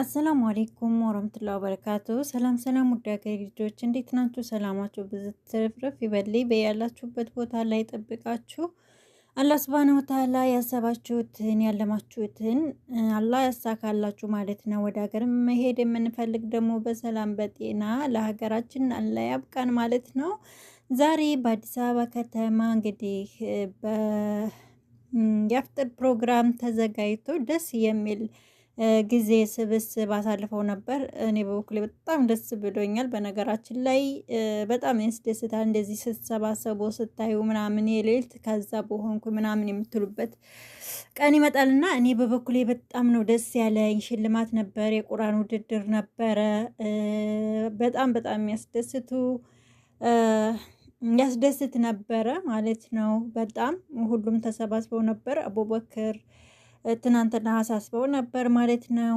አሰላሙ አሌይኩም ወረምቱላ በረካቱ። ሰላም ሰላም፣ ውድ ሀገር ልጆች እንዴት ናችሁ? ሰላማችሁ ብዙ ትርፍርፍ ይበልይ። በያላችሁበት ቦታ ላይ ጠብቃችሁ አላህ ሱብሃነሁ ወተዓላ ያሰባችሁትን ያለማችሁትን አላህ ያሳካላችሁ ማለት ነው። ወደ ሀገር መሄድ የምንፈልግ ደግሞ በሰላም በጤና ለሀገራችን አላህ ያብቃን ማለት ነው። ዛሬ በአዲስ አበባ ከተማ እንግዲህ በኢፍጣር ፕሮግራም ተዘጋጅቶ ደስ የሚል ጊዜ ስብስብ አሳልፈው ነበር። እኔ በበኩሌ በጣም ደስ ብሎኛል። በነገራችን ላይ በጣም ያስደስታል እንደዚህ ስትሰባሰቡ ስታዩ ምናምን የሌልት ከዛ በሆንኩ ምናምን የምትሉበት ቀን ይመጣል እና እኔ በበኩሌ በጣም ነው ደስ ያለኝ። ሽልማት ነበር፣ የቁራን ውድድር ነበረ። በጣም በጣም ያስደስቱ ያስደስት ነበረ ማለት ነው። በጣም ሁሉም ተሰባስበው ነበር አቡበክር ትናንትና አሳስበው ነበር ማለት ነው።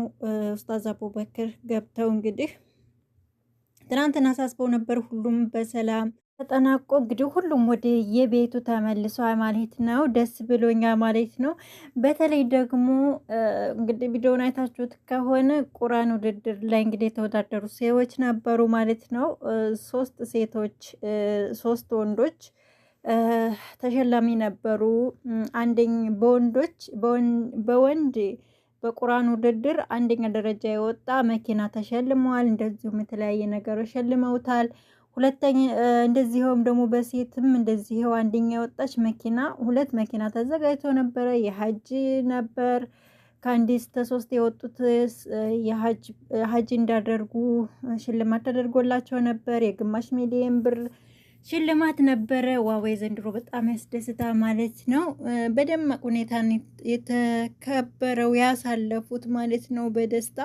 ኡስታዝ አቡበክር ገብተው እንግዲህ ትናንትና አሳስበው ነበር። ሁሉም በሰላም ተጠናቆ እንግዲህ ሁሉም ወደ የቤቱ ተመልሷል ማለት ነው። ደስ ብሎኛል ማለት ነው። በተለይ ደግሞ እንግዲህ ቪዲዮን አይታችሁት ከሆነ ቁራን ውድድር ላይ እንግዲህ የተወዳደሩ ሴዎች ነበሩ ማለት ነው። ሶስት ሴቶች፣ ሶስት ወንዶች ተሸላሚ ነበሩ። አንደኝ በወንዶች በወንድ በቁርአን ውድድር አንደኛ ደረጃ የወጣ መኪና ተሸልመዋል። እንደዚሁም የተለያየ ነገሮች ሸልመውታል። ሁለተኛ እንደዚሁም ደግሞ በሴትም እንደዚህው አንደኛ የወጣች መኪና ሁለት መኪና ተዘጋጅቶ ነበረ። የሀጅ ነበር ከአንድ እስከ ሶስት የወጡት ሀጅ እንዳደርጉ ሽልማት ተደርጎላቸው ነበር የግማሽ ሚሊየን ብር ሽልማት ነበረ። ዋዌ ዘንድሮ በጣም ያስደስታ ማለት ነው። በደማቅ ሁኔታ የተከበረው ያሳለፉት ማለት ነው በደስታ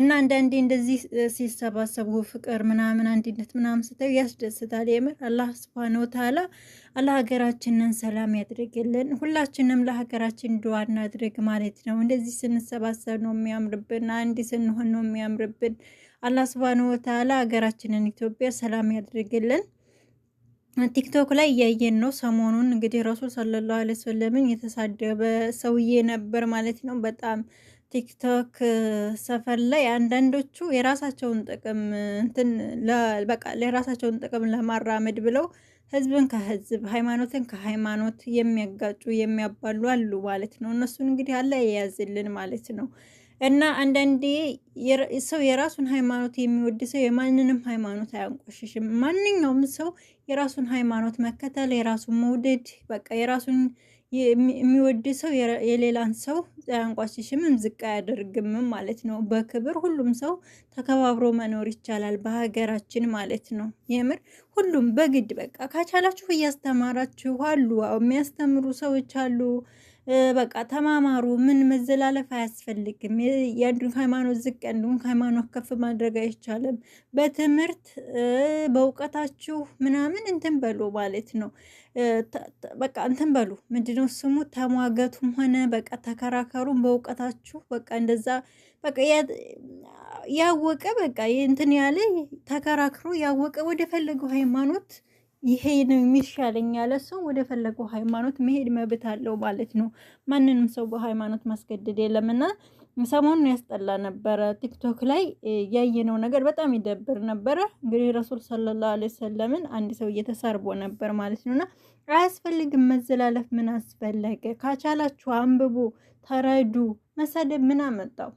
እና አንዳንዴ እንደዚህ ሲሰባሰቡ ፍቅር ምናምን አንድነት ምናምን ስታዩ ያስደስታል። የምር አላህ ስብሐነ ወተዓላ አላህ ሀገራችንን ሰላም ያድርግልን። ሁላችንም ለሀገራችን ድዋ እናድርግ ማለት ነው። እንደዚህ ስንሰባሰብ ነው የሚያምርብን፣ አንድ ስንሆን ነው የሚያምርብን። አላህ ስብሐነ ወተዓላ ሀገራችንን ኢትዮጵያ ሰላም ያድርግልን። ቲክቶክ ላይ እያየን ነው። ሰሞኑን እንግዲህ ረሱል ሰለላሁ ዐለይሂ ወሰለምን የተሳደበ ሰውዬ ነበር ማለት ነው። በጣም ቲክቶክ ሰፈር ላይ አንዳንዶቹ የራሳቸውን ጥቅም እንትን በቃ የራሳቸውን ጥቅም ለማራመድ ብለው ህዝብን ከህዝብ ሃይማኖትን ከሃይማኖት የሚያጋጩ የሚያባሉ አሉ ማለት ነው። እነሱን እንግዲህ አለ የያዝልን ማለት ነው። እና አንዳንዴ ሰው የራሱን ሃይማኖት የሚወድ ሰው የማንንም ሃይማኖት አያንቆሽሽም። ማንኛውም ሰው የራሱን ሃይማኖት መከተል፣ የራሱን መውደድ በቃ የራሱን የሚወድ ሰው የሌላን ሰው አያንቋሽሽምም፣ ዝቅ አያደርግምም ማለት ነው። በክብር ሁሉም ሰው ተከባብሮ መኖር ይቻላል በሀገራችን ማለት ነው። የምር ሁሉም በግድ በቃ ካቻላችሁ እያስተማራችሁ አሉ፣ የሚያስተምሩ ሰዎች አሉ። በቃ ተማማሩ። ምን መዘላለፍ አያስፈልግም። የአንዱን ሃይማኖት ዝቅ ያንዱን ሃይማኖት ከፍ ማድረግ አይቻልም። በትምህርት በእውቀታችሁ ምናምን እንትን በሉ ማለት ነው። በቃ እንትን በሉ ምንድነው ስሙ ተሟገቱም ሆነ በቃ ተከራከሩም በእውቀታችሁ በቃ እንደዛ በቃ ያወቀ በቃ እንትን ያለ ተከራክሮ ያወቀ ወደ ፈለገው ሃይማኖት ይሄ ነው የሚሻለኝ ያለ ሰው ወደ ፈለገው ሃይማኖት መሄድ መብት አለው ማለት ነው። ማንንም ሰው በሃይማኖት ማስገደድ የለምና ሰሞኑን ያስጠላ ነበረ። ቲክቶክ ላይ ያየነው ነገር በጣም ይደብር ነበረ። እንግዲህ ረሱል ሰለላሁ ዐለይሂ ወሰለምን አንድ ሰው እየተሳርቦ ነበር ማለት ነውና አያስፈልግም መዘላለፍ። ምን አስፈለገ? ካቻላችሁ አንብቡ፣ ተረዱ። መሳደብ ምን አመጣው?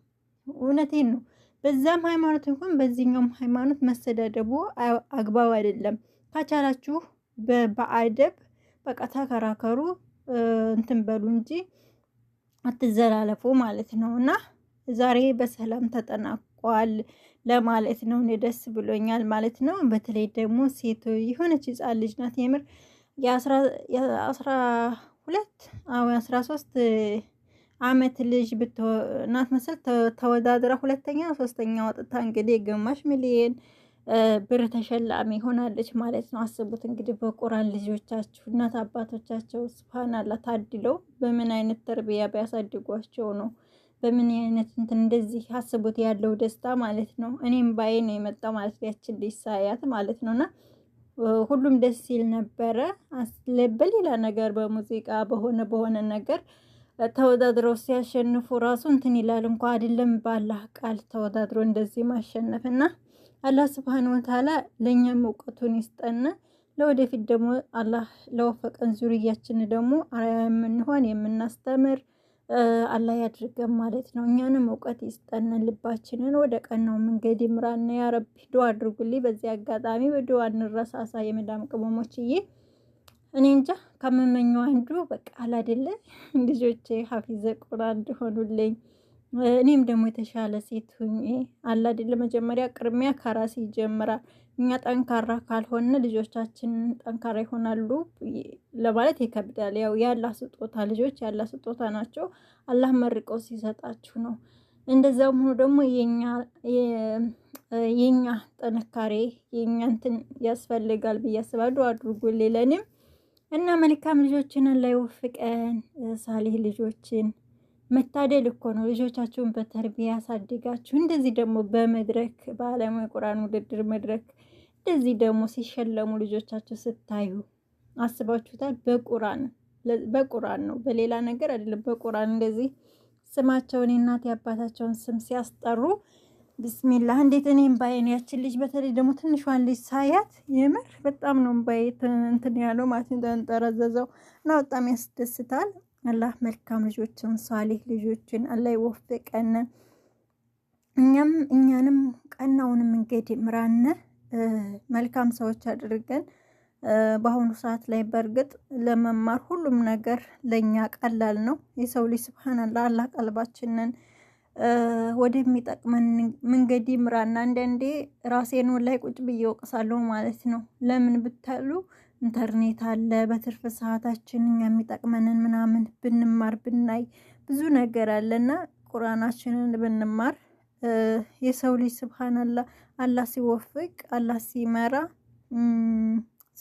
እውነቴን ነው። በዛም ሃይማኖት ይሁን በዚህኛውም ሃይማኖት መሰዳደቡ አግባብ አይደለም። ከቻላችሁ በአደብ በቃ ተከራከሩ፣ እንትን በሉ እንጂ አትዘላለፉ ማለት ነው። እና ዛሬ በሰላም ተጠናቋል ለማለት ነው። እኔ ደስ ብሎኛል ማለት ነው። በተለይ ደግሞ ሴት የሆነች ህጻን ልጅ ናት የምር የአስራ ሁለት አሁን አስራ ሶስት አመት ልጅ ብትናት መሰል ተወዳድራ ሁለተኛ ሶስተኛ ወጥታ እንግዲህ ግማሽ ሚሊየን ብር ተሸላሚ ሆናለች ማለት ነው። አስቡት እንግዲህ በቁራን ልጆቻችሁ እናት አባቶቻቸው ስብሃናላ ታድለው በምን አይነት ተርቢያ ቢያሳድጓቸው ነው በምን አይነት እንትን እንደዚህ አስቡት ያለው ደስታ ማለት ነው። እኔም ባይ ነው የመጣው ማለት ያችን ሊሳያት ሳያት ማለት ነው እና ሁሉም ደስ ሲል ነበረ። በሌላ ነገር በሙዚቃ በሆነ በሆነ ነገር ተወዳድረው ሲያሸንፉ ራሱ እንትን ይላል እንኳ አይደለም ባላህ ቃል ተወዳድሮ እንደዚህ ማሸነፍና አላህ ስብሃነ ወተዓላ ለእኛም እውቀቱን ይስጠና። ለወደፊት ደግሞ አላህ ለወፈቀን ዙርያችን ደግሞ አርአያ የምንሆን የምናስተምር አላህ ያድርገን ማለት ነው። እኛንም እውቀት ይስጠን፣ ልባችንን ወደ ቀናው መንገድ ይምራን። ያ ረቢ ዱአ አድርጉልኝ። በዚህ አጋጣሚ በዱአ እንረሳሳ። የመዳም ቅመሞችዬ እኔ እንጃ ከምመኘው አንዱ በቃ አላደለ ልጆቼ ሀፊዘ ቁርአን እንዲሆኑልኝ እኔም ደግሞ የተሻለ ሴት ሁኜ አላድል ለመጀመሪያ ቅድሚያ ከራሴ ይጀምራል። እኛ ጠንካራ ካልሆነ ልጆቻችን ጠንካራ ይሆናሉ ለማለት ይከብዳል። ያው ያላ ስጦታ ልጆች ያላ ስጦታ ናቸው። አላህ መርቀው ሲሰጣችሁ ነው። እንደዛም ሆኖ ደግሞ የኛ ጥንካሬ የኛ እንትን ያስፈልጋል ብዬ አስባለሁ። አድርጉልኝ እና መልካም ልጆችን ላይ ወፍቀን ሳሌህ ልጆችን መታደል እኮ ነው። ልጆቻችሁን በተርቢያ ያሳድጋችሁ። እንደዚህ ደግሞ በመድረክ በዓለም ቁርአን ውድድር መድረክ እንደዚህ ደግሞ ሲሸለሙ ልጆቻችሁ ስታዩ አስባችሁታል? በቁርአን በቁርአን ነው በሌላ ነገር አይደለም። በቁርአን እንደዚህ ስማቸውን የእናት የአባታቸውን ስም ሲያስጠሩ ብስሚላህ እንዴት እኔም ባይን ያችን ልጅ በተለይ ደግሞ ትንሿን ልጅ ሳያት የምር በጣም ነው ባይ እንትን ያለው ማለት ጠረዘዘው እና በጣም ያስደስታል። አላህ መልካም ልጆችን ሳሌህ ልጆችን አላህ ይወፍቀን። እኛም እኛንም ቀናውንም እንግዲህ ምራነ መልካም ሰዎች አድርገን። በአሁኑ ሰዓት ላይ በእርግጥ ለመማር ሁሉም ነገር ለእኛ ቀላል ነው። የሰው ልጅ ስብሓንላ አላህ ቀልባችንን ወደሚጠቅመን መንገድ ምራና። አንዳንዴ ራሴን ላይ ቁጭ ብዬ ወቅሳለሁ ማለት ነው። ለምን ብታሉ ኢንተርኔት አለ። በትርፍ ሰዓታችን እኛ የሚጠቅመንን ምናምን ብንማር ብናይ ብዙ ነገር አለና ቁርአናችንን ብንማር የሰው ልጅ ስብሓናላ አላህ ሲወፍቅ አላህ ሲመራ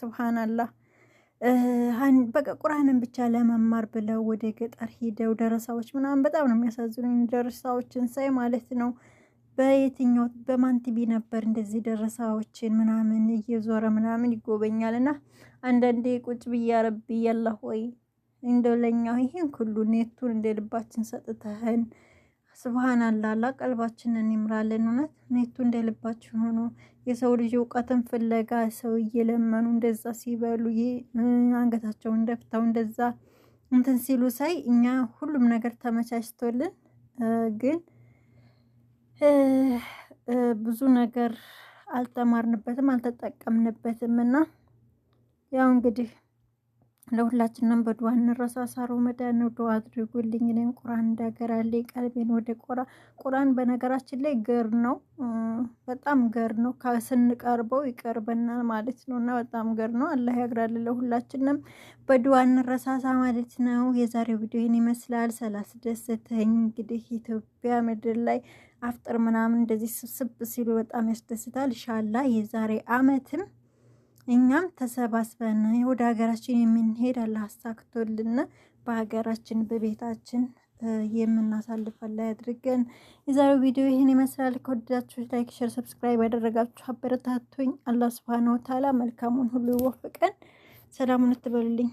ስብሓናላ በቃ ቁርአንን ብቻ ለመማር ብለው ወደ ገጠር ሄደው ደረሳዎች ምናምን በጣም ነው የሚያሳዝኑኝ። ደረሳዎችን ሳይ ማለት ነው በየትኛው በማን ቲቪ ነበር እንደዚህ ደረሳዎችን ምናምን እየዞረ ምናምን ይጎበኛል። እና አንዳንዴ ቁጭ ብያ ረቢ ያለ ሆይ እንደው ለኛ ይህን ሁሉ ኔቱን እንደ ልባችን ሰጥተህን ስብሃን አላላ ቀልባችንን ይምራለን። እውነት ኔቱ እንደ ልባችን ሆኖ የሰው ልጅ እውቀትን ፍለጋ ሰው እየለመኑ እንደዛ ሲበሉ አንገታቸውን ደፍተው እንደዛ እንትን ሲሉ ሳይ እኛ ሁሉም ነገር ተመቻችቶልን ግን ብዙ ነገር አልተማርንበትም አልተጠቀምንበትም እና ያው እንግዲህ ለሁላችንም በዱዋ እንረሳሳሩ መዳን ነው። ዱዋ አድርጉልኝ። እኔም ቁርአን እንዳገራልኝ ቀልቤን ወደ ቁርአን ቁርአን በነገራችን ላይ ገር ነው፣ በጣም ገር ነው። ስንቀርበው ይቀርበናል ማለት ነው እና በጣም ገር ነው። አላህ ያግራል ለሁላችንም። በዱዋ እንረሳሳ ማለት ነው። የዛሬው ቪዲዮ ቪዲዮን ይመስላል። ስላስደሰተኝ እንግዲህ ኢትዮጵያ ምድር ላይ አፍጥር ምናምን እንደዚህ ስብስብ ሲሉ በጣም ያስደስታል። ኢንሻላህ የዛሬ አመትም እኛም ተሰባስበን ወደ ሀገራችን የምንሄድ አላህ አሳክቶልን በሀገራችን በቤታችን የምናሳልፈላ ያድርገን። የዛሬው ቪዲዮ ይህን ይመስላል። ከወደዳችሁ ላይክ፣ ሸር፣ ሰብስክራይብ ያደረጋችሁ አበረታቱኝ። አላህ ስብሃነ ወተዓላ መልካሙን ሁሉ ይወፍቀን። ሰላሙን እትበሉልኝ።